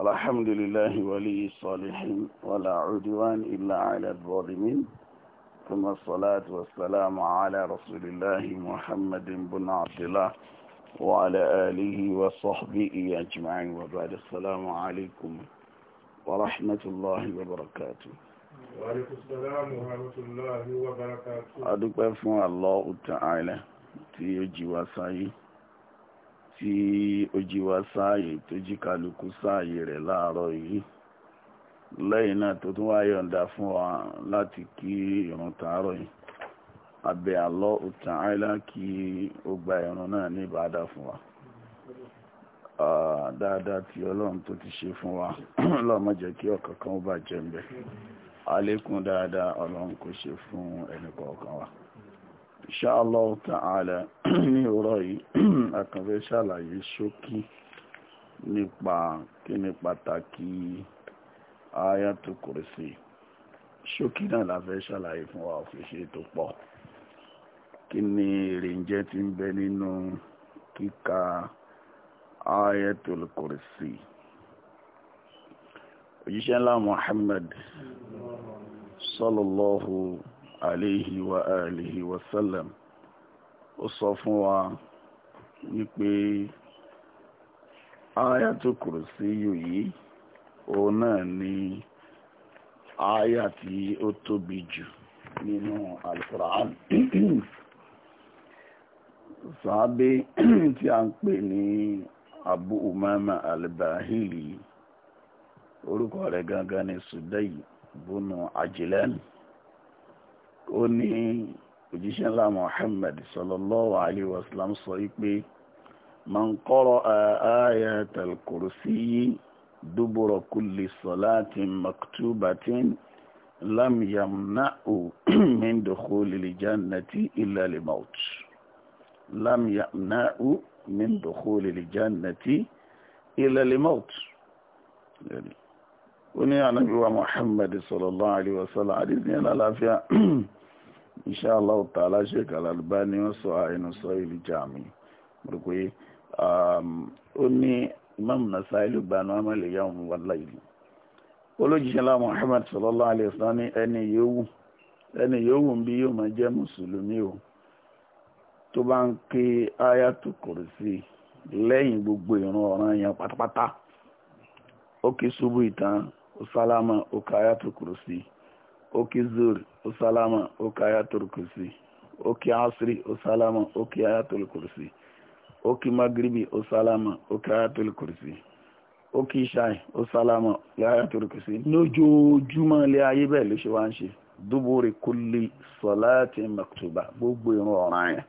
الحمد لله ولي الصالحين ولا عدوان إلا على الظالمين ثم الصلاة والسلام على رسول الله محمد بن عبد الله وعلى آله وصحبه أجمعين وبعد السلام عليكم ورحمة الله وبركاته وعليكم السلام ورحمة الله وبركاته أدوك فون الله تعالى تيجي وصايه tí ó jí wa sáàyè tó jí kálukú sáàyè rẹ̀ láàárọ̀ yìí lẹ́yìn náà tó tún wá yọ̀ǹda fún wa láti kí ìrun tàárọ̀ yìí abẹ́ àlọ́ Ta'ala kí ó gba ìrun náà ní ìbádà fún wa dáadáa tí ọlọ́run tó ti ṣe fún wa ọlọ́run jẹ́ kí ọ̀kankan ó bàjẹ́ ń bẹ̀ àlékún dáadáa ọlọ́run kò ṣe fún ẹnìkọ̀ọ̀kan wa. inshallah ta'ala ní ọ̀rọ̀ yìí àkànfẹ́ ṣàlàyé ṣókí nípa kí ni pàtàkì ayatul kursi ṣókí náà la ṣàlàyé fún wa òfìṣe tó pọ̀ kí ni èrè ń jẹ́ ti ń bẹ nínú kíka ayatul kursi òjíṣẹ́ ńlá muhammad alayhi wa alihi wa sallam ó sọ fún wa wípé ayatul kursi yìí òun náà ni aya tí ó tóbi jù nínú alukur'an sàábé tí a ń pè ní abu umama albahili orúkọ rẹ̀ gangan ni sudai bunu ajilan ó ní òjíṣẹ́ ńlá Muhammad sallallahu alayhi wa sallam sọ wípé man qara'a ayatal kursiyyi dubura kulli salatin maktubatin lam yamna'u min dukhulil jannati illa al-maut lam yamna'u min dukhulil jannati illa al-maut ó ní ànábì wa Muhammad sallallahu alayhi wa sallam àdìsí ní àlàáfíà insha Allah ta'ala Sheikh Al-Albani wọ́n sọ àìnú sọ ìlú jàmí rò pé um, ó ní Imam Nasa'i ló gbanú amẹ́lẹ̀ yà wọn wàlá ìlú olójijì ńlá Muhammad sallallahu alayhi wa sallam ní ẹni yòówù ẹni yòówù ń bí yóò máa jẹ́ mùsùlùmí o tó bá ń ké ayatul kursi lẹ́yìn gbogbo ìrun ọ̀ràn yẹn pátápátá ó ké ṣubú ìtàn ó sálámà ó ká ayatul kursi ó kí zuri ó sálámà ó ka ayatul kursi ó kí asiri ó sálámà ó kí ayatul kursi ó kí magribi ó sálámà ó ka ayatul kursi ó kí ṣáì ó sálámà ayatul kursi lójoojúmọ́ ilé ayé bẹ́ẹ̀ ló ṣe wá ń ṣe dúbúrì kulli salati maktuba gbogbo ìrun ọ̀ràn yẹn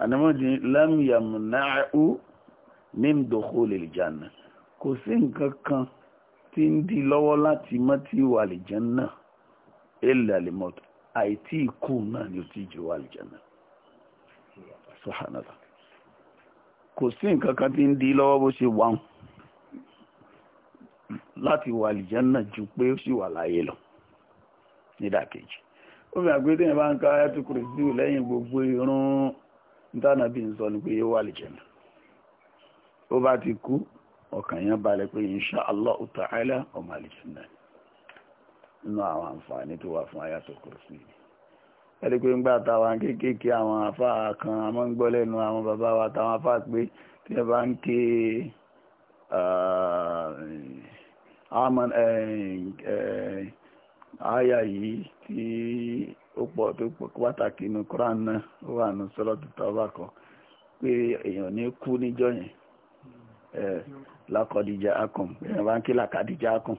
ànàmọ́dì lam yamna'u min dukhulil kò sí nǹkan kan tí ń di lọ́wọ́ láti mọ́ tí wà lè jẹ́ náà illa limot àìtí ikú náà ni oti ji jù wà àlùjànnà subhanallah kò sí nǹkan kan di lọ́wọ́ ju pe ó sì wà láyé lọ nídàkejì ó fi àgbé téèyàn bá ń ka leyin gbogbo irun ntánàbí ń ni pé yóò wà àlùjànnà ti kú ọkàn yẹn balẹ̀ pé insha Allah ta'ala ọmọ nínú àwọn àǹfààní tó wà fún ayatul kursi ni ẹ̀rí pé ńgbà táwọn kéékèèké àwọn afá kan àmọ́ ń gbọ́ lẹ́nu àwọn bàbá wa táwọn afá pé tí ẹ bá ń ké ah, eh, eh, àyà yìí tí ó pọ̀ tó pàtàkì inú Qur'an náà ó wà ní Suratu Tawbah kan pé èèyàn ní kú níjọ́ yẹn eh, lákọ̀díjà akùn èèyàn bá ń ké làkàdíjà akùn.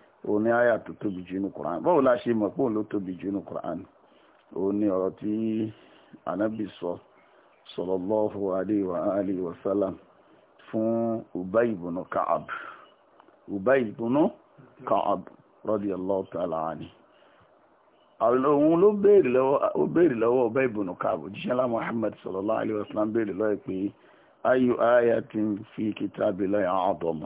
òun ní àyà tó tóbi jù ní Quran báwo la ṣe mọ̀ pé òun ló tóbi jù ní Quran òun ní ọ̀rọ̀ tí anabi sọ sallallahu alayhi wa alihi wa sallam fún Ubay ibn Ka'ab Ubay ibn Ka'ab radiyallahu ta'ala anhu òun ló béèrè lọ́wọ́ ó béèrè Ka'ab òjíṣẹ́ lá Muhammad sallallahu alayhi wa sallam béèrè lọ́wọ́ pé ayu ayatin fi kitabillahi a'zamu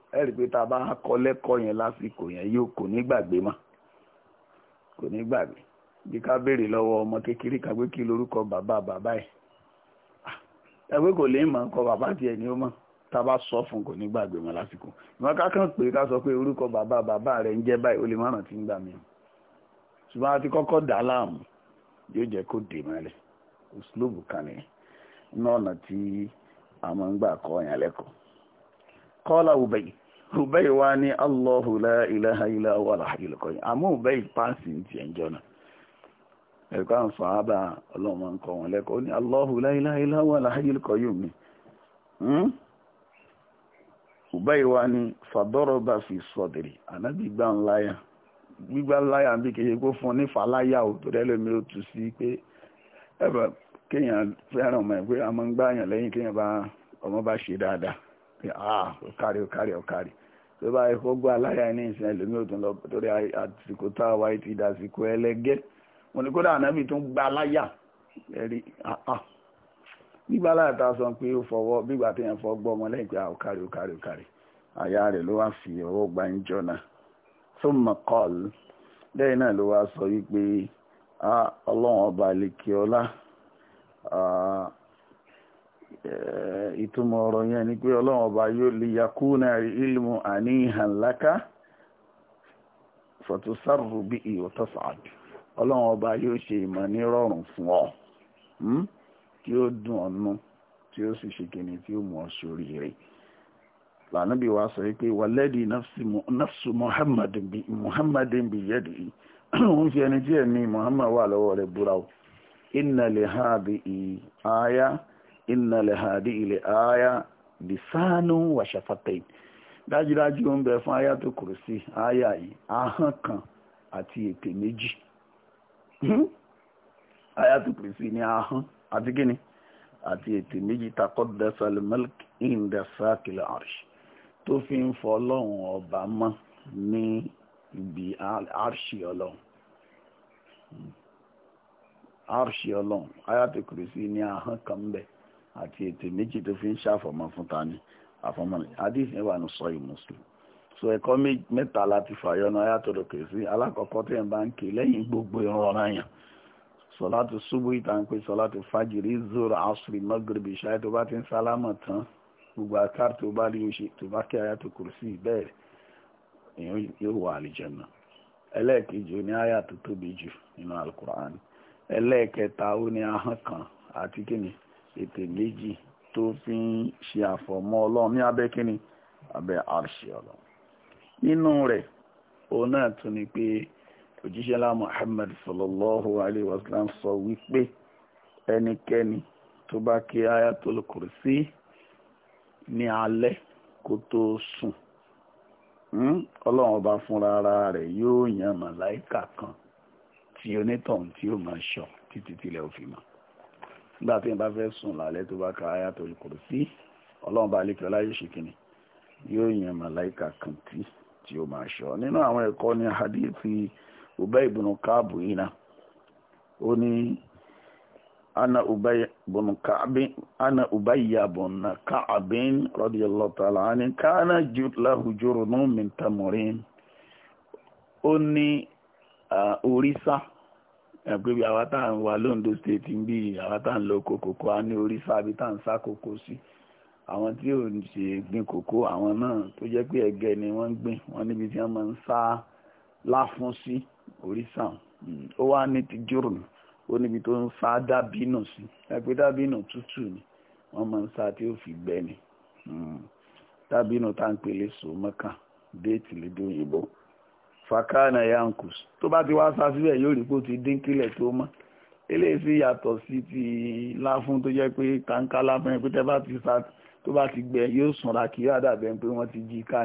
ẹ̀rí pé tá a bá kọ́ lẹ́kọ̀ọ́ yẹn lásìkò yẹn yóò kò ní gbàgbé mọ́ kò ní gbàgbé bí ká béèrè lọ́wọ́ ọmọ kékeré kan kí lorúkọ bàbá bàbá ẹ̀ ah, ẹgbẹ́ kò lè mọ̀ ọkọ bàbá tiẹ̀ ni ó mọ̀ bá sọ fún kò ní gbàgbé mọ́ lásìkò ká kàn pé ká sọ pé orúkọ bàbá bàbá rẹ̀ ń jẹ́ báyìí ó ti kọ́kọ́ dà á láàmú yóò ụ wa ní Allahu la ilaha illa huwa al-hayyul qayyum àmọ́ Ubay pàṣẹ ti ẹ̀jọ́ náà ẹ̀kọ́ àwọn sọ̀hábà ọlọ́mọ nǹkan wọn lẹ́kọ̀ọ́ ní Allahu la ilaha illa huwa al-hayyul mi Ubay wa ní fadaraba fi sadri ànábì gbà ńláyà tu ọmọ tó bá yẹ kó gbọ́ aláya ní ìsìn ẹlòmí ò tún lọ torí àsìkò tá a wáyé ti dàsìkò ẹlẹgẹ́ mo ní kódà ànábì tún gba aláya ẹ̀rí ah, ah. gbígbà aláya tá a sọ pé ó fọwọ́ gbígbà tó yẹn fọ́ gbọ́ ọmọ lẹ́yìn pé àwọn ah, kárí kárí kárí àyà rẹ̀ ló wá fi ọwọ́ gba ń jọ́nà fún mccall lẹ́yìn náà ló wá sọ wípé ọlọ́run ọba àlekè ọlá Eh, ìtumọ̀ ọ̀rọ̀ yẹn ni pé ọlọ́run ọba yóò lè kuna ilmu àníhàn láká fọ̀túsárù bí ìwòtọ́sàdù ọlọ́run ọba yóò ṣe ìmọ̀ ní rọrùn fún ọ hmm? tí ó dùn ọ̀nù tí ó sì ṣe tí ó mú ọ sórí rẹ̀ lànàbí wa sọ pé wàlẹ́dì nafsu muhammadin bi yẹ́dì yìí fi ẹni tí ẹ̀mí muhammad wà lọ́wọ́ rẹ̀ búra aya. inna le hadi ile aya lisanu wa shafatain dájúdájú ó ń bẹ fún aya tó kùrù sí aya yìí ahọ́n kan àti ètè méjì hmm? aya tó kùrù sí ní ahọ́n àti kíni àti ètè méjì takọ́dẹ́sà lẹ́mẹ́lìk ìndẹ́sà kìlọ̀ àrìṣ tó fi ń fọ ọlọ́run ọba mọ́ ní ibi àrìṣì ọlọ́run àrìṣì ọlọ́run aya tó kùrù sí ní ahọ́n kan bẹ́ẹ̀ àti ètè méjì tó fi ń ṣàfọ̀mọ́ fún ta ni àfọ̀mọ́ ni hadith wà ní sọ́ọ̀yì muslim so ẹ̀kọ́ mẹ́ta láti fàyọ náà yàtọ̀ lókè sí alákọ̀ọ́kọ́ tí ẹ̀ bá ń ké lẹ́yìn gbogbo ìran ọ̀ràn yẹn sọ̀látù ṣubú ìta ń pè sọ̀látù fàjìrí zoro asri magrebi ṣáà tó bá ti ń sálámọ̀ tán gbogbo akáàrì tó bá rí oṣù tó bá kí ayá tó kúrò sí ìbẹ́ẹ̀rẹ̀ èèyàn yóò wà àlìjẹ̀nà ẹlẹ́ẹ̀kejì ó ní ayá tóbi jù nínú alukur'an ẹlẹ́ẹ̀kẹta ó ní ahọ́n kan àti kíni ètè méjì tó fi ń ṣe àfọ̀mọ́ ọlọ́run ní abẹ́ kínní abẹ́ àrṣì ọlọ́run nínú rẹ̀ òun náà tún ni pé òjíṣẹ́lá Muhammad sallallahu alayhi wa sallam sọ wípé ẹnikẹ́ni tó bá kí ayatul kursi ní alẹ́ kó tó sùn hmm, ọlọ́run ọba fúnra rẹ̀ yóò yan màláìkà kan tí onítọ̀hún tí ó máa ṣọ́ títí tilẹ̀ òfin mọ́ nígbà tí n bá fẹ́ sùn lálẹ́ tó bá ka ayatul kursi ọlọ́run bá lè kí ọlá yóò ṣe kíni yóò yan màláìka kan tí tí ó máa ṣọ́ nínú àwọn ẹ̀kọ́ ni hadithi Ubay ibn Ka'b yìí náà ó ní ana Ubay ibn Ka'b ana Ubay ibn Ka'b radiyallahu ta'ala ani kana lahu jurunun min tamurin ó ní ah, orísà ẹ̀pẹ́ bí àwa tá à ń wà lóńdó state ń bí àwa tá à ń lọ kòkòkò á ní orí fábí tá ń sá kòkó sí àwọn tí ò ń ṣe gbin kòkó àwọn náà tó jẹ́ pé ẹ̀gẹ́ ni wọ́n ń gbìn wọ́n níbi tí wọ́n máa ń sá láfún sí òrìṣà ó wá ní ti jùrù ó níbi tó ń sá dábìnù sí ẹ̀pẹ́ dábìnù tútù ni wọ́n máa ń sá tí ó fi gbẹ ni hmm. dábìnù tá à ń pèlè sòmọ́kà déètì lédè òyìnbó fakana yankus tó bá ti wá sá síbẹ̀ yóò rí pé ó ti dín kílẹ̀ tó mọ́ eléyìí sì yàtọ̀ sí ti láfún tó jẹ́ pé kàńkà láfún yẹn pé tẹ́ bá ti sá tó bá ti gbẹ yóò sanra kí yóò dàbẹ̀ pé wọ́n ti jí ká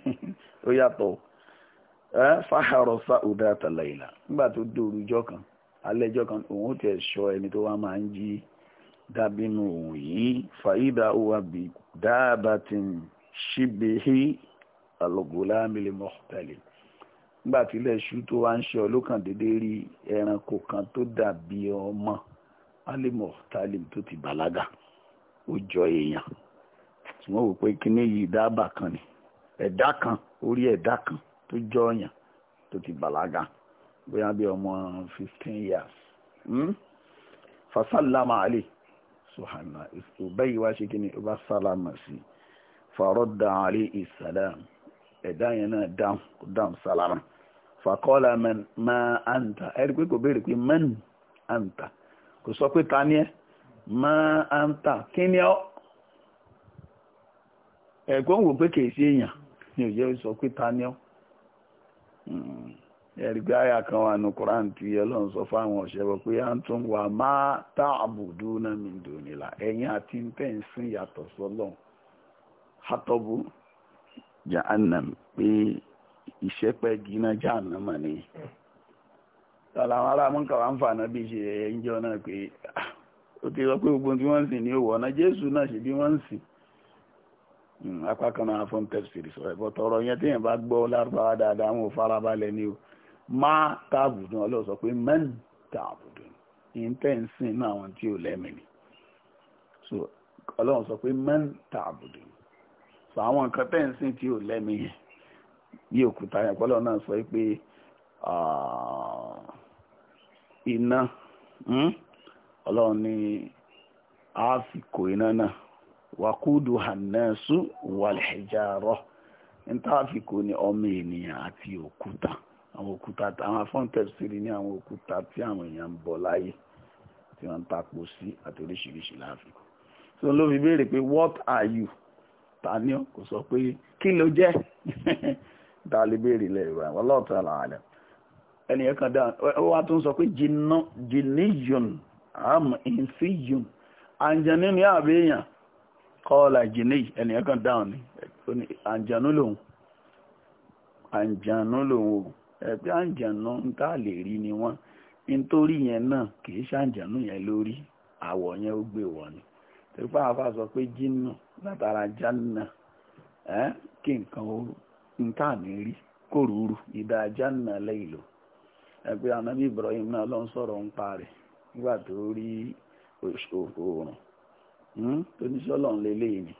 ó yàtọ̀ ẹ fáhàrọ̀ sá òdà àtàlà nígbà tó dòrú ijọ́ kan alẹ́jọ́ kan òun ó tiẹ̀ ẹni tó wá máa ń jí dábínú òun yìí fàyídà òwà bí dáàbà ti ń ṣíbi hí àlọ́gọ́lá mílíọ̀nù mọ́tàlẹ́ nígbà tí ilẹ̀ ṣú tó wá ń ṣe ọ lókàn dédé rí ẹranko kan tó dàbí ọmọ alimọ talim tó ti bàlágà ó jọ èèyàn tí wọ́n wò pé kíní yìí dábàá kan ni ẹ̀dá kan orí ẹ̀dá kan tó jọ ọ̀yàn tó ti bàlágà bóyá bí ọmọ fifteen years hmm? fasalama ali suhana ìbẹ́yìí wá ṣe kíní ọba salama sí farọ́dà ali isalam ẹ̀dá yẹn náà dáhùn dáhùn salama fàkọ́lá máa àǹtà ẹ̀rí pé kò béèrè pé mẹ́nu àǹtà kò sọ pé ta ni ẹ́ máa àǹtà kí ni ọ́ ẹ̀gbọ́n wò pé kìí sí èèyàn ni òye sọ pé ta ni ọ́ hmm. ẹ̀rí pé àyà kan wà ní koran tí ọlọ́run sọ fáwọn ọ̀ṣẹ́ wọ pé à ń tún wà máa tá àbùdú náà mi dùn nílà ẹ̀yìn àti tẹ̀ ń sìn yàtọ̀ sọ́lọ́run hátọ́bù jahannam pé ìṣẹ́pẹ́ gíná jáàmù mọ̀ ni tọ́lá àwọn ará mọ́kà wá ń fà náà bí ṣe ẹ̀yẹ ń jọ náà pé ah, ó ti rọ pé gbogbo tí wọ́n ń sìn ní òwò ọ̀nà jésù náà ṣe bí wọ́n ń sìn hmm, apá kan náà fún tẹ́sítì sọ ẹ̀bọ̀ tọrọ yẹn téèyàn bá gbọ́ lárúbáwá dáadáa wọn ò farabalẹ̀ ni o máa tààbùdùn ọlọ́ọ̀ sọ pé mẹ́ń tààbùdùn ìǹtẹ́ǹsìn náà àwọn tí ò lẹ́mìí so ọlọ́run sọ pé mẹ́ń tààbùdùn so àwọn nǹkan tẹ́ǹsìn tí ò lẹ́mìí yẹn bí òkúta yẹn pọ́lọ́ náà sọ pé iná hmm? ọlọ́run ní àsìkò iná náà wàkúdù hànẹ́sù wàlẹ̀jàrọ̀ nítàfikò ní ọmọ ènìyàn àti òkúta àwọn òkúta àwọn afọ́ntẹ̀sírí ní àwọn òkúta tí àwọn èèyàn ń bọ̀ láyé tí wọ́n ń tapò sí àti oríṣiríṣi láàfikò so ló fi béèrè pé what are you ta ni kò sọ pé kí ló jẹ́ dalibéèrè lẹ́yìn wallahu ta'ala alam ẹni ẹ̀kan dáa ó wá tún sọ pé jinniyun am insiyun àǹjẹ̀nú ni àbẹ́yàn kọ́ọ̀lá jìnnì ẹni ẹ̀kan dáa ni àǹjẹ̀nú lòun àǹjẹ̀nú lòun ẹgbẹ́ àǹjẹ̀nú ń tà lè rí ni wọ́n nítorí yẹn náà kì í ṣàǹjẹ̀nú yẹn lórí àwọ̀ yẹn ó gbé wọ̀ ni tẹ̀pá àfa sọ pé jinnu látara janna kí nǹkan nta ní koruru kò rúurú ìdájá nàlẹ́ ìlò ẹgbẹ́ anábì Ibrahim náà ló ń sọ̀rọ̀ ń pa rẹ̀ nígbà tó nlele òòrùn hmm? tó ni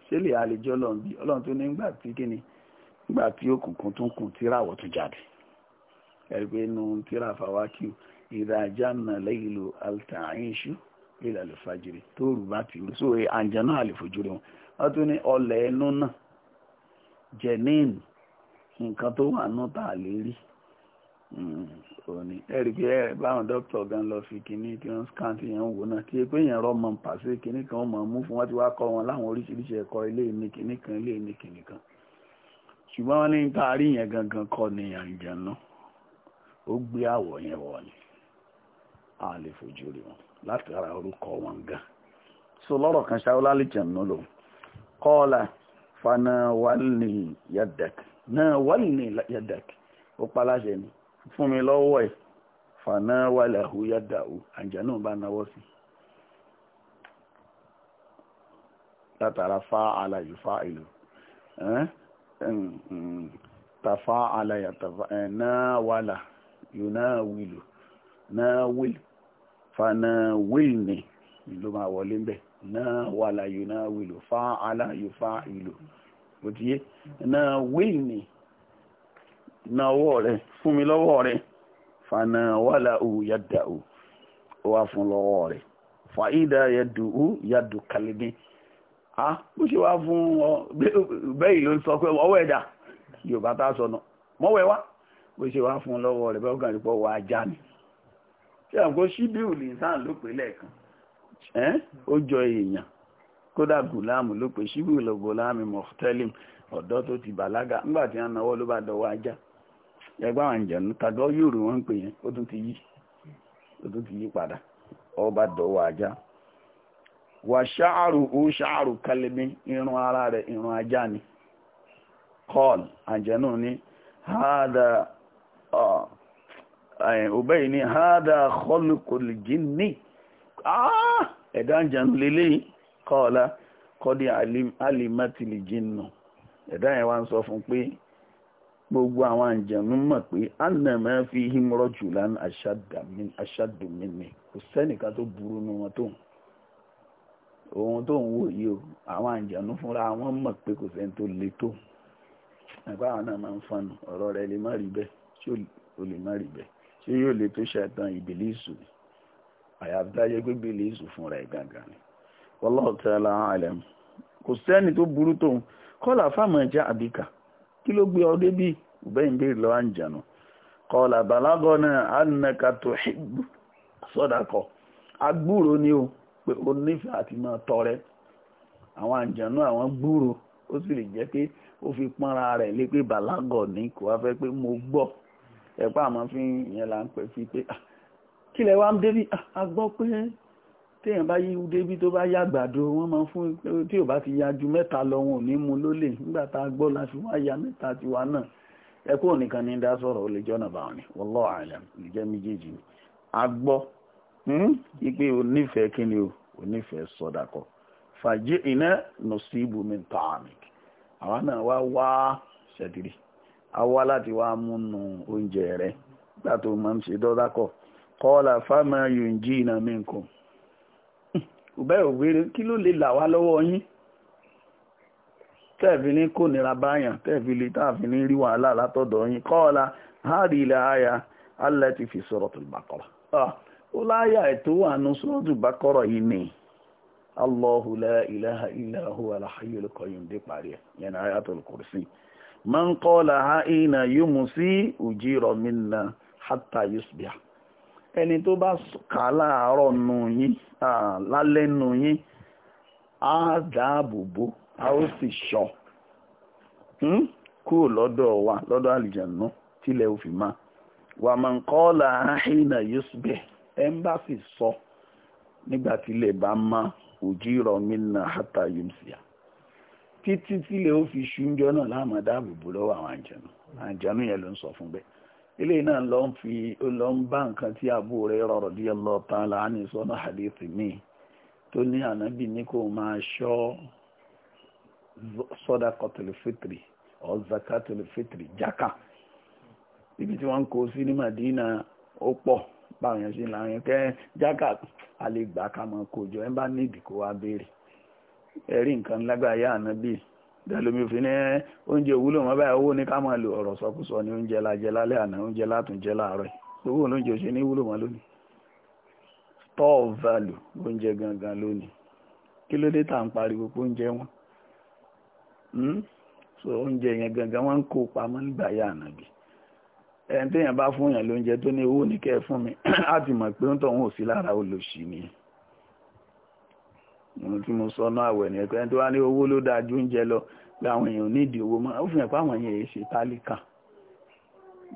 ṣé lè àlejò ọlọ́run bí tó ní nígbà tí kíni nígbà tí òkùnkùn tún kùn tíràwọ̀ tó jáde ẹgbẹ́ inú tíra fàwákìú ìdájá ilẹ̀ tó rù bá ti náà nǹkan tó wà nù tá a lè rí hmm, òní ẹ̀rí pé ẹ̀ báwọn dókítà gan lọ fi kínní tí wọ́n scan ti yẹn ń wò náà kí pé yẹn rọ mọ pàṣẹ kínní kan mọ̀ mú fún wọn ti wá kọ́ wọn láwọn oríṣiríṣi ẹ̀kọ́ ilé ìní kínní kan ilé ìní kínní kan ṣùgbọ́n wọ́n ní taari yẹn gangan kọ́ ni àǹjẹ̀nú ó gbé àwọ̀ yẹn wọ̀ ni a lè fojú rí wọn láti ara orúkọ wọn gan so lọ́rọ̀ kan ṣáwó lálẹ́ jẹ̀nú lò kọ́ọ̀là fana wàlì yaddak náà wálì ní yadak ó paláṣẹ ni fún mi lọ́wọ́ ẹ̀ fànà wálì àhú yàdà ó àǹjánù bá náwó sí látara fa àlàyé fa ìlú tafa àlàyé náà wàlà yóò náà wílù náà wílù fànà wílù ni ìlú máa wọlé ń bẹ̀ náà wàlà yóò náà wílù fa àlàyé fa ìlú. kò tíye na wíì na fún mi lọ́wọ́ fana wàlà yàdà ò wà fún lọ́wọ́ rẹ fàídà yàdù ú yàdù kàlíbí a bó ṣe wá fún ọ bẹ́ẹ̀ ló ń sọ pé ọwọ́ ẹ̀dà yorùbá tá a sọ mọ́wẹ́ wá bó ṣe wá fún lọ́wọ́ rẹ bẹ́ẹ̀ kàn wọ ajá ni ṣé lè sáà lẹ́ẹ̀kan ó jọ èèyàn kódà gùlámù ló pè ṣíbù lọ gùlámù mọ̀tẹ́lìm ọ̀dọ́ tó ti bàlágà ńgbà tí wọ́n náwó ló bá dọwọ́ ajá ẹgbẹ́ àwọn ìjẹ̀nu tàgbọ́ yóò rí wọ́n ń pè yẹn ó tún ti yí ó tún ti yí padà ọ bá dọwọ́ ajá wà ṣáàrù ó ṣáàrù kálẹ́mí irun ara rẹ̀ irun ajá ni kọ́ọ̀l àjẹ̀nù ni hádà ọ̀bẹ́yìn ni hádà kọ́lùkọ́lù kọ́ọ̀lá kọ́dí alimátìlì jinnu ẹ̀dá yẹn wá ń sọ fún pé gbogbo àwọn àǹjẹ̀nú mọ̀ pé anàmọ́ fi hímọ́rọ́ jù lánà aṣáàdùmínì kò sẹ́nìkan tó burú nu wọn tó ohun tó ń wò yìí o àwọn àǹjẹ̀nú fúnra wọn mọ̀ pé kò sẹ́ni tó le tó ẹ̀pá àwọn náà máa ń fanu ọ̀rọ̀ rẹ̀ lè má rí bẹ́ẹ̀ ṣé o lè má rí bẹ́ẹ̀ ṣé yóò le tó ṣẹ̀tàn ìbílísù àyàfi tá a jẹ́ pé bílísù fúnra ẹ̀ gàngàn wallahu ta'ala alam kò sẹ́ni tó burú tóun kọ́là fáàmù ẹja àbíkà kí ló gbé ọ débí bẹ́ẹ̀ ń béèrè lọ́wọ́ àǹjànà kọ́là bàlágọ́ náà annaka tuhibbu sadaqa agbúrò ni o pé o nífẹ̀ẹ́ àti máa tọrẹ àwọn àwọn gbúrò ó sì lè jẹ́ pé ó fi pọ́nra rẹ̀ lé pé kò wá fẹ́ pé mo gbọ́ fi yẹn là ń pẹ́ fi pé ah, kí lẹ téèyàn bá yíwú débi tó bá yàgbàdo wọ́n máa fún tí ò bá ti ya ju mẹ́ta lọ wọn mu lólè nígbà tá a la wá ya mẹ́ta tiwa náà ẹkú òníkan ní dá sọ̀rọ̀ lè jọ́nà bá wọn ni wallahu méjèèjì ni a gbọ́ ipe hmm, o onífẹ̀ẹ́ sọ̀dàkọ̀ fàjẹ́ iná àwa náà wá wá a wá láti wá òbẹ́rẹ̀ òbèrè kí ló lè là wá lọ́wọ́ yín tẹ́ẹ̀fì ní kò nira báyàn tẹ́ẹ̀fì lè táàfì ní rí wàhálà látọ̀dọ̀ yín ilẹ̀ alẹ́ ti fi suratul Baqara ó láyà ètò àánú suratul Baqara yìí ni Allahu la ilaha illa huwa al dé parí ẹ̀ yẹn ayatul ẹni tó bá kà láàárọ̀ nù yín lálẹ́ nù yín á dáàbò bò a ó sì ṣọ́ hmm? kúrò lọ́dọ̀ wa lọ́dọ̀ àlìjànú fi wà máa ń kọ́ ọ́là àhínà ẹ ń bá sì sọ nígbà tílẹ̀ bá má na hata nà hátà yomsia títí tílẹ̀ ó fi ṣúnjọ́ náà láàmú dáàbò bò lọ́wọ́ àwọn àjànú ilé náà lọ ń fi lọ ń bá nǹkan tí àbú rẹ̀ rọrọ̀ díẹ̀ lọ tán láàánú sọ́nà hadithi mi tó ní ànábì ní kó máa ṣọ́ ibi tí wọ́n ń kó sí ní Madina ó pọ̀ báwọn yẹn ṣe kẹ́ jákà a lè gbà ká máa kó dẹ̀lómi òfin ní oúnjẹ òwúlò mọ́ báyìí owó ní ká máa lo ọ̀rọ̀ sọkúsọ ní oúnjẹ lájẹ lálẹ́ àná oúnjẹ látúnjẹ láàárọ̀ owó olóúnjẹ ò ṣe ní wúlò lónìí store value oúnjẹ gangan lónìí kí ló dé tá à pariwo pé oúnjẹ wọn hmm? so oúnjẹ yẹn gangan wọn ń kó pamọ́ nígbà yá ànábì ẹni téèyàn bá fún yàn lóúnjẹ mi mọ̀ pé ń tọ̀ wọn ò sí ohun tí mo sọ náà àwẹ̀ tó wá ní owó ló dáa ounje lọ pé àwọn èèyàn nídìí owó mọ́ ó fi hàn pé àwọn èèyàn yìí ṣe tálíkà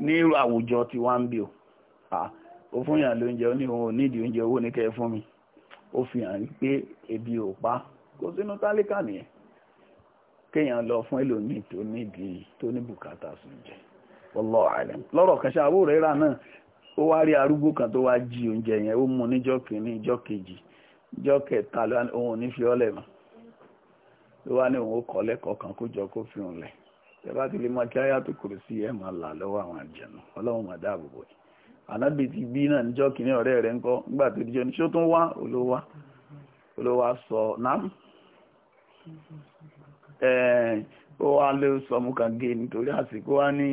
ní àwùjọ tí wọ́n ń bì ó ó fún yàn lóúnjẹ ní owó ní fún mi ó ebi ò pa kó sínú nìyẹn kéèyàn fún ẹlòmíì tó nídìí tó ní bùkátà sùn jẹ lọ́rọ̀ kan ṣe kan tó wá ji oúnjẹ yẹn ó níjọ́ jọ kẹta ló wá òun ní fi ló wá ní òun ó kọ́ kan kó jọ kó fi hùn lẹ̀ bá ti lè mọ kí kúrò sí ẹ̀ máa là lọ́wọ́ àwọn àjẹnù máa dáàbò ti bí náà sọ nám ó wá lé sọmú kan gé e nítorí àsìkò wá ní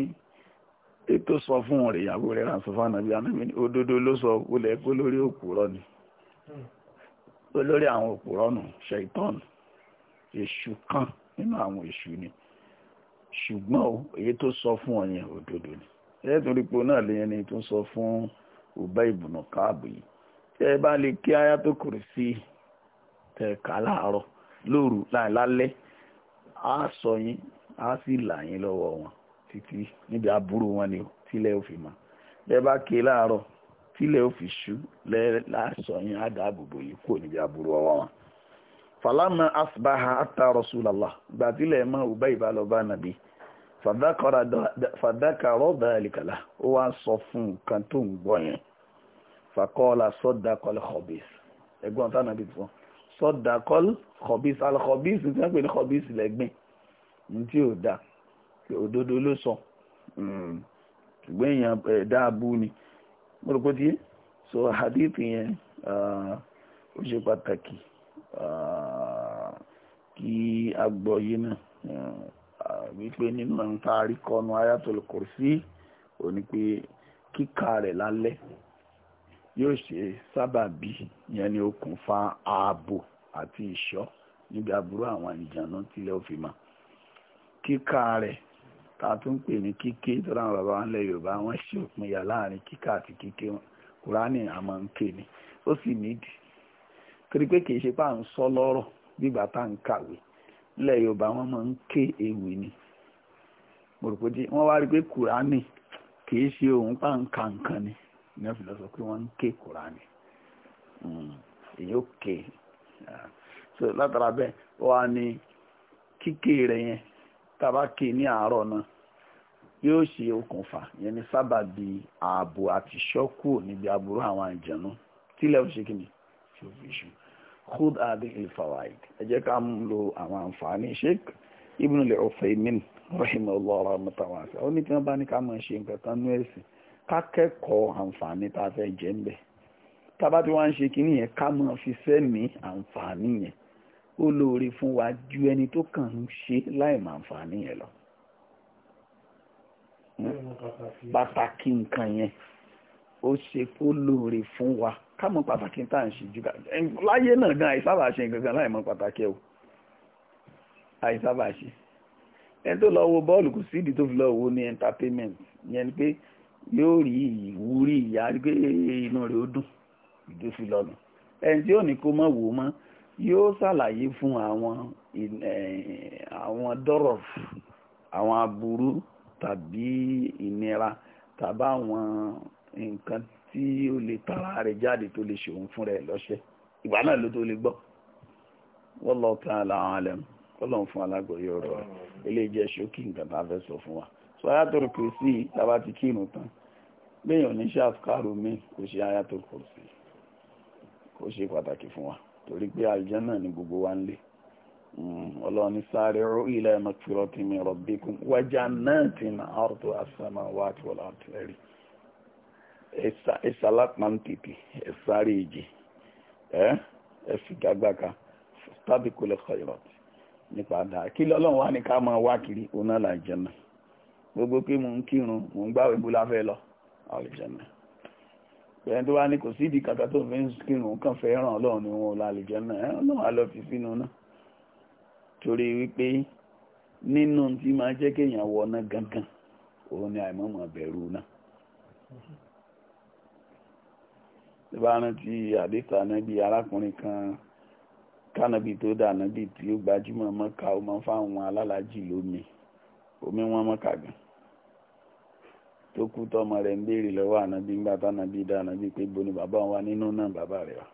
ètò sọ fún ìyàwó sọ fún ànábì ànábì òdodo ló olórí àwọn òpùrọ́nù ṣèitán èṣù kan nínú àwọn èṣù ni ṣùgbọ́n o èyí tó sọ fún ọ yẹn òdodo ni ẹ torí pé náà lèyẹn ni tó sọ fún ọba ìbùnà káàbù yìí tẹ ẹ bá lè kí aya tó kùrù sí tẹ ká láàárọ̀ lóru láì lálẹ́ á sọ yín á sì là yín lọ́wọ́ wọn títí níbi aburú wọn ni o òfin mọ́ bẹ́ẹ̀ bá ké láàárọ̀ tílẹ̀ ó fi ṣú lásọyìn àdáàbòbò yìí kò níbi aburú ọwọ́ wọn. falama asbaha ata rasulallah gba tílẹ̀ mọ́ ọba ìbálòbá nàbí fàdákàrọ̀ dàlíkàlà ó wá sọ fún nǹkan tó ń gbọ́ yẹn fàkọ́ọ́lá sọ́dàkọ́lá hobbies ẹ̀gbọ́n tá nàbí tó sọ́dàkọ́lá hobbies alhobbies ní sẹ́pẹ̀ ní hobbies lẹ́gbìn ní tí ò hmm. ṣùgbọ́n èèyàn ẹ̀dá abú ni mo so hadith yẹn ah, ó ṣe pàtàkì ah, kí a gbọ́ yìí náà ah, wípé nínú àwọn tá a rí kọ́nu ayatul kursi ò ní pé kíkà rẹ̀ lálẹ́ yóò ṣe sábàbí yẹn ni okùnfà ààbò àti ìṣọ́ níbi aburú àwọn ìjànà tílẹ̀ òfin kíkà rẹ̀ tá a tún pè ní kíké tó bàbá wọn lẹ yorùbá wọn ṣe láàrin kíkà àti kíké wọn kúránì àmọ́ ń ké ni ó sì torí pé kìí ṣe pá ń sọ lọrọ gbígbà tá ń wọn máa ń ké ewì ni mo rò pé tí wá rí pé kìí ṣe òun pá ń ka nǹkan ni látara á ní kíké yẹn tá a bá yóò ṣe okùnfà yẹn ni sábàbí ààbò àti ṣọ́kù níbi aburú àwọn àjẹnú tílẹ̀ ò ṣe kí ni tí ó fi ṣù khud adi ilfawaid ẹ jẹ́ ká mú lo àwọn àǹfààní sheikh ibn al-Uthaymin rahimahullah rahmatan wasi'a ó ní tí wọ́n bá ní ká máa ṣe nǹkan kan ní ẹ̀sìn ká kẹ́kọ̀ọ́ àǹfààní tá a fẹ́ jẹ́ ń bẹ̀ tá a bá ń ṣe kínní yẹn ká máa fi sẹ́mi àǹfààní yẹn ó lóore fún wa ju ẹni tó kàn ń ṣe láì máa àǹfààní yẹn lọ pàtàkì nǹkan yẹn ó ṣe kó lóore fún wa ká mọ̀ pàtàkì tá à ń ṣe jù láyé náà gan àìsábà ṣe nǹkan kan láì mọ̀ pàtàkì ẹ̀ o àìsábà ṣe ẹni tó lọ wo bọ́ọ̀lù kò sídìí tó fi lọ ní entertainment yẹn ni pé yóò rí ìwúrí ìyá pé inú rẹ̀ ó dùn ìdí fi lọ́nà ẹni tí ó ní kó mọ̀ wò mọ́ yóò ṣàlàyé fún àwọn àwọn dọ́rọ̀ àwọn aburú tàbí ìnira tàbí àwọn nǹkan tí ó lè tara rẹ̀ jáde tó lè ṣòun fún rẹ̀ lọ́ṣẹ́ ìgbà náà ló tó lè gbọ́ wallahu ta'ala alam kọ́lọ̀ fún alágbòye ọ̀rọ̀ ilé jẹ́ ṣókí nǹkan tá a fẹ́ sọ fún wa sọ ayatul kursi tábà ti kírun tán léèyàn oníṣẹ́ àfikàrò mi kò ṣe ayatul kursi kò ṣe pàtàkì fún wa torí pé àlùjánnà ni gbogbo wa ń lé ọlọ́run ní sáré rú ilẹ̀ mọ̀tìrọ̀ tí mi rọ̀ bí kún wájà náà ti na àrùtò àsánà wá tí wọ́n láti rẹ̀ ẹ̀sà lápá ń tètè ẹ̀sáré ìjì ẹ̀sì gágbáka tàbí kò lè kọ̀yọ̀ nípa dáa kí lọ́lọ́run wá ní ká máa wá kiri òun náà làjẹ́nà gbogbo pé mò ń kírun mò ń gbáwé bó láfẹ́ lọ àlùjẹ́nà ẹni tó wá ní kò sídìí kankan tó fi ń kírun kàn fẹ́ ọlọ́run ni wọn ò lálùjẹ́nà ẹ̀ ọlọ́run á fi sínú náà torí wípé nínú tí máa jẹ́ kéèyàn wọ ọ̀nà gangan òun ni àìmọ̀mọ̀ bẹ̀rù náà tí bá rántí àdéta nábì arákùnrin kan kánàbì tó dà nábì tí ó gbajúmọ̀ mọ́ka ó máa ń fáwọn alálàájì lómi omi wọn mọ́ka gan tó kú tọmọ rẹ̀ ń béèrè lọ́wọ́ ànábì ńgbà tánábì dá ànábì pé bo ni bàbá wa nínú náà bàbá rẹ̀ wa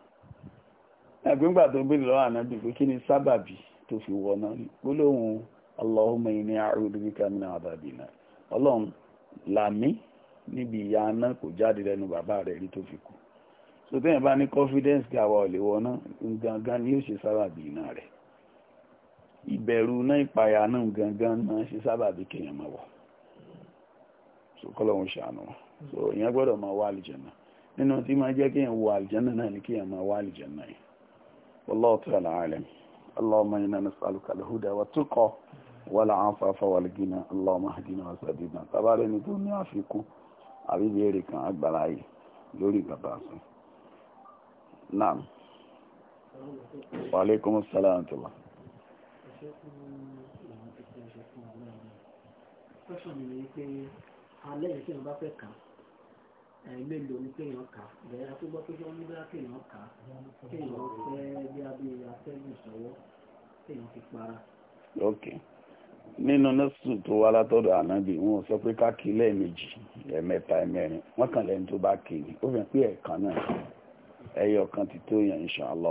ẹ̀gbẹ́ngbà tó béèrè lọ́wọ́ ànábì pé kí ni sábàbí tó fi wọná gbólóhùn allahumma inni a'udhu bika min àdàbìnà ọlọ́run làmí níbi ìyà aná kò jáde lẹ́nu bàbá rẹ̀ rí tó fi kú so tẹ́yìn bá ní confidence kí àwa ò lè gangan ni yóò ṣe sábàbí rẹ̀ ìbẹ̀rù náà ìpayà náà gangan ṣe sábàbí kéèyàn máa wọ̀ ṣàánú gbọ́dọ̀ máa wá àlìjẹ̀nà nínú tí máa jẹ́ kéèyàn wọ àlìjẹ̀nà náà kéèyàn máa wá àlìjẹ̀nà اللهم إنا نسألك الهدى والتقى والعفاف والغنى اللهم اهدنا وسددنا تبارك الدنيا فيكم àbí ìbéèrè kan agbára yìí lórí bàbá sùn naam wàlékún sálàm tó wà. Fẹ́ṣọ̀ mi ni pé alẹ́ yìí tí wọ́n bá fẹ́ kàn án. mélòó ní kéèyàn kà bẹ́ẹ̀ akéwọ́ tó fẹ́ ní bẹ́ẹ̀ kéèyàn kà kéèyàn fẹ́ bí abẹ́rẹ́ atẹ́gùn sọ́wọ́ kéèyàn fi para. nínú nọ́ọ̀sù tó wá látọ̀dọ̀ ànábì wọn sọ pé ká kí lẹ́ẹ̀mejì ẹ̀mẹ́ta ẹ̀mẹ́rin wọ́n kàn tó bá kí ni ó fi hàn pé náà ọ̀kan ti tó yàn mo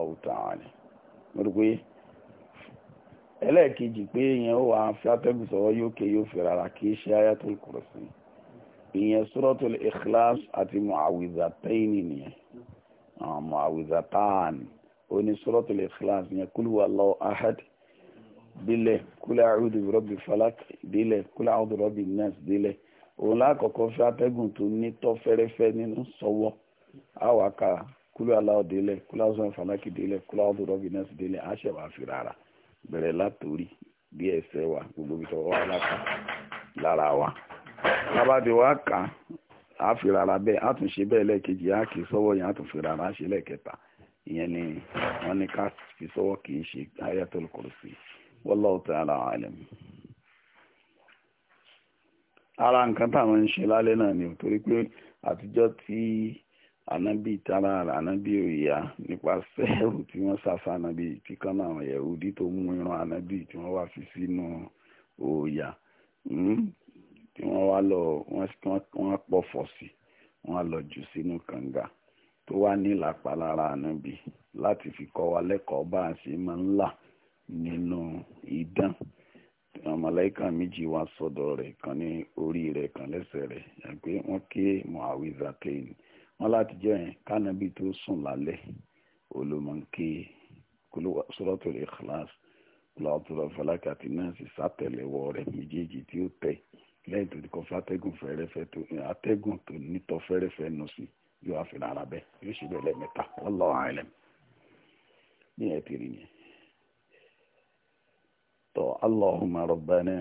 rò pé ẹlẹ́ẹ̀kejì pé yẹn ó wà á fi atẹ́gùn ìyẹn suratul ikhlas àti mu'awizataini nìyẹn ah, mu'awizatani ó ní suratul ikhlas yẹn kul huwallahu ahad dílẹ̀ kul a'udhu bi rabbil falak dílẹ̀ kul a'udhu bi rabbin nas dílẹ̀ òun lákọ̀ọ́kọ́ fẹ́ atẹ́gùn tó ní tọ́ fẹ́rẹ́fẹ́ nínú sọ́wọ́ àwàkà kúlú aláwọ̀ délẹ̀ kúlú àwọn fanákì délẹ̀ kúlú àwọn dọ̀rọ̀bì náà sì délẹ̀ àṣẹ wàá fi rárá bẹ̀rẹ̀ látòrí bí ẹsẹ̀ wa gbogbo ibi tó wà lára wa. abadi wa a á fi rárá bẹ́ẹ̀ á tún ṣe bẹ́ẹ̀ lẹ́ẹ̀kejì a kì í sọ́wọ́ yẹn a tún fi ṣe lẹ́ẹ̀kẹta ìyẹn ni wọ́n ní ká fi sọ́wọ́ kì í ṣe ayatul kursi wallahu ta'ala alim ara nǹkan táwọn ń ṣe lálẹ́ náà ni torí pé àtijọ́ tí ànábì tara ànábì òyà nípasẹ̀ ẹrù tí wọ́n sàfà ànábì kíkan náà àwọn Yẹhudi tó mú irun tí wọ́n wá fi sínú tí wọ́n wá lọ wọ́n pọ̀fọ̀ sí wọ́n lọ jù sínú kànga tó wá nílàpá lára ànábì láti fi kọ́ wa lẹ́kọ̀ọ́ bá a ṣe máa ń là nínú idán ọmọlẹ́kà méjì wá sọ́dọ̀ rẹ̀ kan ní orí rẹ̀ kan lẹ́sẹ̀ rẹ̀ pé wọ́n ké muhawiza kéyìn wọ́n láti jẹ́ yẹn kánábì tó sùn lálẹ́ olùmọ̀ǹké suratul ikhlas kúlọ̀ ọ̀tún lọ́fọlákà tí náà sì sátẹ̀lẹ̀wọ̀ rẹ̀ méjèèjì tí ó tẹ̀ lẹ́yìn tó di kọ́ fún atẹ́gùn fẹ́rẹ́fẹ́ tó atẹ́gùn tó nítọ́ fẹ́rẹ́fẹ́ nù sí yóò wá fìlà ara bẹ́ẹ̀ yóò ṣe bẹ́ẹ̀ lẹ́ẹ̀mẹ́ta wallahu a'lam ní ẹ̀ tìrì yẹn. tó allahumma rabbana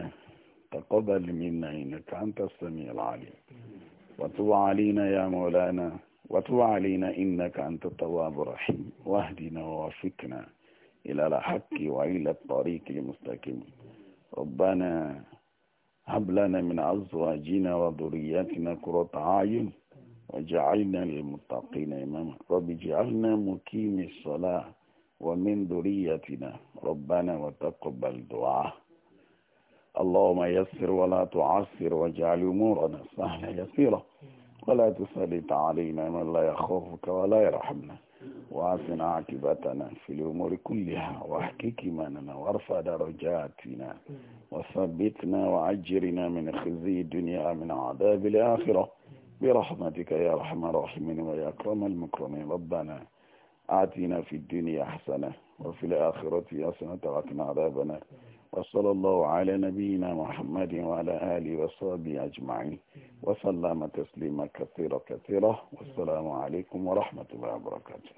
taqabbal minna innaka anta as-sami'ul 'alim wa tub 'alaina ya maulana wa tub 'alaina innaka anta at-tawwabur rahim wahdina wa waffiqna ila al-haqqi wa ila هب لنا من أزواجنا وذرياتنا قرة عين وجعلنا للمتقين إماما رب اجعلنا مقيم الصلاة ومن ذريتنا ربنا وتقبل دعاء اللهم يسر ولا تعسر واجعل أمورنا سهلة يسيرة ولا تسلط علينا من لا يخوفك ولا يرحمنا وعافنا عاقبتنا في الأمور كلها واحكي كماننا وارفع درجاتنا وثبتنا وعجرنا من خزي الدنيا من عذاب الآخرة برحمتك يا رحمة الراحمين ويا أكرم المكرمين ربنا آتنا في الدنيا حسنة وفي الآخرة حسنة وقنا عذابنا وصلى الله على نبينا محمد وعلى آله وصحبه أجمعين وسلم تسليما كثيرا كثيرا والسلام عليكم ورحمة الله وبركاته